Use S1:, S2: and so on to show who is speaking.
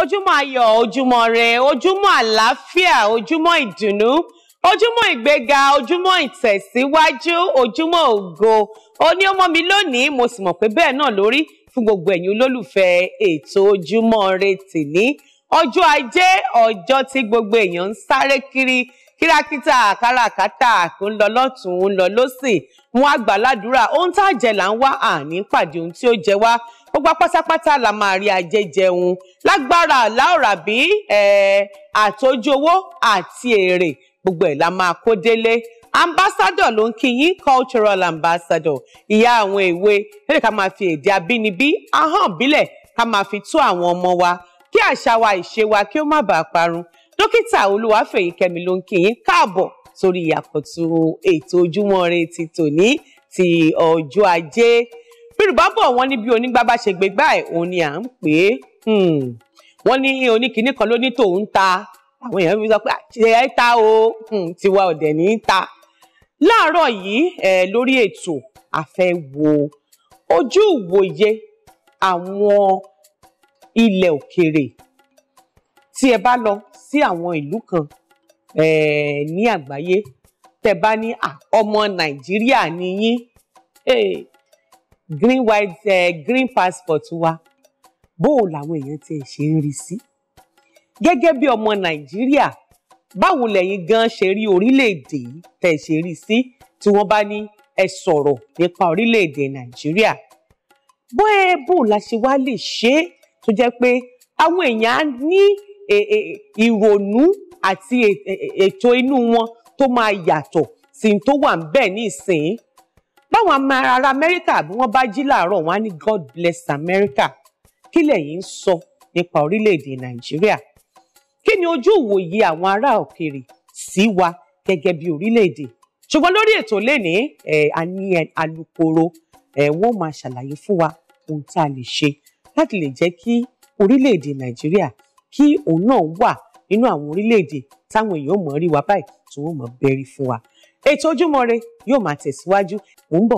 S1: ojúmọ́ ayọ̀ ojúmọ́ rẹ ojúmọ́ àlàáfíà ojúmọ́ ìdùnnú ojúmọ́ ìgbéga ojúmọ́ ìtẹ̀síwájú ojúmọ́ ògo ó ní ọmọ mi lónìí mo sì mọ̀ pé bẹ́ẹ̀ náà lórí fún gbogbo ẹ̀yin olólùfẹ́ ètò ojúmọ́ rẹ tìní ọjọ́ ajé ọjọ́ tí gbogbo èèyàn ń sáré kiri kìràkìtà káràkátà tó ń lọ lọ́tún ń lọ lọ́sìn wọn àgbà ládùúrà ohun tá a jẹ là ń wá àní pàdé ohun tí ó jẹ wá gbogbo pátápátá la máa rí ajé jẹun lágbára láòrà bí àtọ́jú owó àti èrè gbogbo ẹ̀ la máa kó délé ambassador ló ń kí cultural ambassador ìyá àwọn èwe lórí ká máa fi èdè abínibí ahọ́n ìbílẹ̀ ká máa fi tó àwọn ọmọ wa kí àṣà wa ìṣe wa kí ó má bàa parun dókítà olúwàfẹ̀yìkẹ́mi ló ń kí yín káàbọ̀ sórí àkọ́tún ètò ojúmọ́ ire ti tòní ti ọjọ́ ajé yorùbá bọ̀ wọ́n ní bí onígbà bá ṣe gbégbá ẹ̀ òun ni à ń pè é hmm. wọ́n ní oníkìíní kan ló ní tòun ta àwọn èèyàn fi sọ pé àṣẹ ẹ ta o hmm, tiwa ọ̀dẹ̀ ní í ta láàárọ̀ yìí lórí ètò àfẹ́ wo ojú ìwòye àwọn ilẹ̀ òkèrè tí ẹ bá lọ sí àwọn ìlú kan eh, ní àgbáyé tẹ́ bá ní ọmọ nàìjíríà ni yín eh, green white eh, green passport wa bó o làwọn èèyàn ti ṣe ń rí sí gẹ́gẹ́ bí ọmọ nàìjíríà báwo lẹ̀yin gan ṣe rí orílẹ̀-èdè yìí tẹ́ ṣe rí sí tí wọ́n bá ní ẹ sọ̀rọ̀ nípa orílẹ̀ nàìjíríà bóyá bó la ṣe wá lè ṣe é tó jẹ́ pé àwọn èèyàn á ní E, e, ìrònú àti e, ètò inú wọn tó máa yàtọ̀ sí tó wà ń bẹ̀ nísìnyí báwọn ará amẹ́ríkà bí wọ́n bá jí láàárọ̀ wọn á ní god bless america kí lẹ̀yin ń sọ nípa orílẹ̀-èdè nàìjíríà kí ni ojú ìwòye àwọn ará òkèèrè sí wa gẹ́gẹ́ bí orílẹ̀-èdè ṣùgbọ́n lórí ètò lẹ́ni a ní alukoro wọ́n máa ṣàlàyé fún wa ohun tá a lè ṣe láti lè jẹ́ kí orílẹ̀-èdè nàìjíríà kí òun náà wà nínú àwọn orílẹ̀-èdè táwọn èèyàn mọ̀ rí wa báyìí tí wọ́n mọ̀ bẹ́rí fún wa. ètò Ojúmọ́ Ire yóò máa tẹ̀síwájú mò ń bọ̀.